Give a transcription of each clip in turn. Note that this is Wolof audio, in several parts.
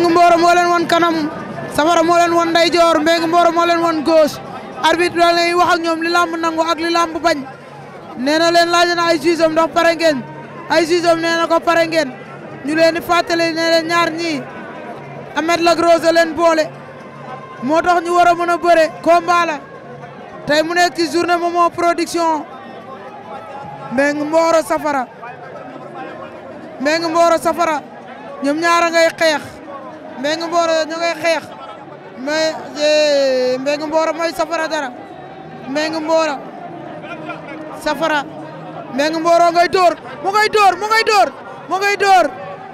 moo mooleen won kanam safara moo leen won ndeyjoor mbéng mbooro moo leen won gauche arbitre la lay wax ak ñoom li làmb nangu ak li làmb bañ nee na leen laaj na ay juge am ndax pare ngeen ay jugeem nee na ko pare ngeen ñu leen di fàttali ñaar ñii Amet la Rose leen boole moo tax ñu war a mën a bëre combat la tey mu nekk ci journée Momo production Mbengue Mboro Safara Mbengue Mboro Safara ñoom ñaara ngay xeex Mbengue Mboro ñu ngay xeex mais eh, Mbengue Mboro mooy Safara dara Mbengue Mboro Safara Mbengue Mboro ngay door mu ngay door mu ngay door mu nga door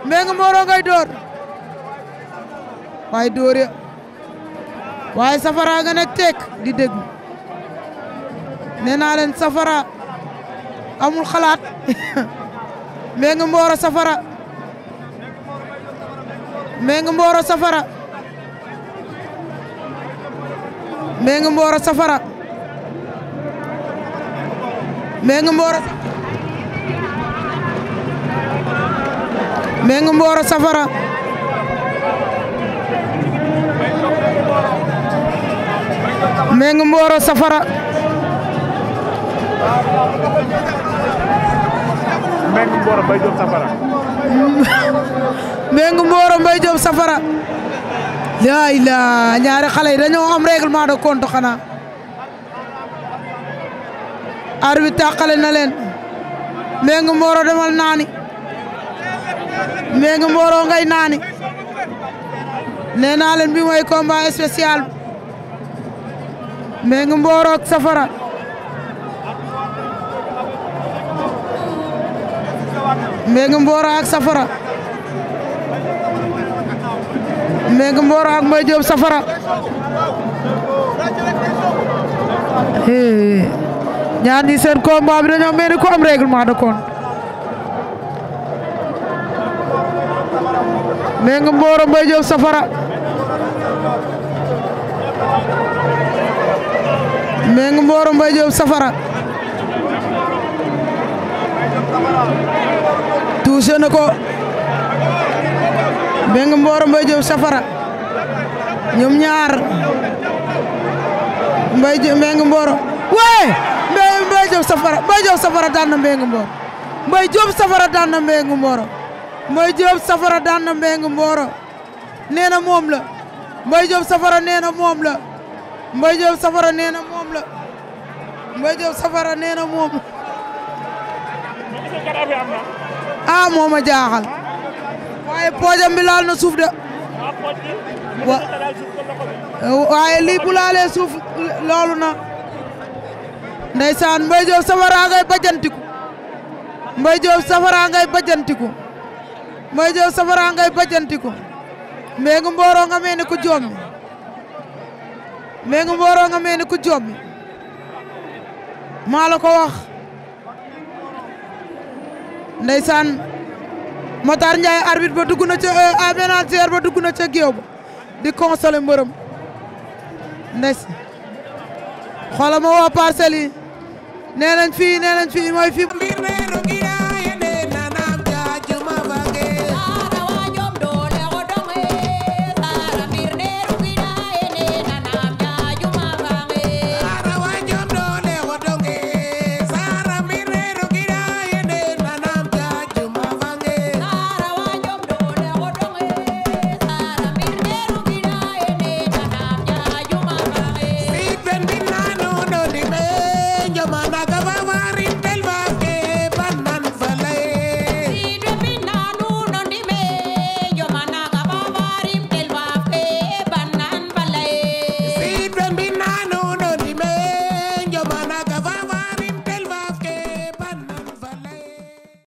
Mbengue Mboro ngay door waaye door ya waaye safara nga ne tek di dégg ne naa leen safara amul xalaat nga Mboro safara nga Mboro safara Mbengue Mboro safara Mbengue Mboro nga Mboro Safara Mbengue Mboro Safara Mbengue Mboro Mbaye Diop Safara Mbengue Mboro Mbaye Diop Safara laa ñaari xale yi dañoo am règlement de compte xanaa arbitre tàqale na leen nga Mboro demal naani nga mbooloo ngay naani nee naa leen bi mooy combat spécial léegi mbooloo ak safara léegi mbooloo ak safara léegi mbooloo ak Mbaye Diop safara ñaar ñi seen combat bi dañoo mel ni ku am règlement de compte nee nga Mboro Mbaye Diop Safara nee nga Mboro Mbaye Diop Safara touché na ko nee nga Mboro Mbaye Diop Safara ñoom ñaar Mbaye Diop nee nga Mboro wee Mbaye Mbaye Diop Safara Mbaye Diop Safara daan na Mbaye nga Mboro Mbaye Diop Safara daan na Mbaye nga Mboro Mbaye Diop safara daan na Mbengue Mboro nee na moom la Mbaye Diop safara nee na moom la Mbaye Diop safara nee na moom la Mbaye Diop safara nee na moom la ah mooma jaaxal waaye poojam laal na suuf de waaye lii bu suuf loolu na ndeysaan Mbaye Diop safara ngay bajantiku Mbaye Diop safara ngay bajantiku moy jo safara ngay bajantiku mengu mboro nga mene ku joomi mengu mboro nga mene ku joomi maa la ko wax ndeysaan Matar Ndiaye arbitre ba dugg na ca aménageur euh, ba dugg na ca géew ba di consolé mbërëm ndeys xoolal ma waa parcelles yi nee nañ fii nee nañ fii mooy fii Bamba Gabamba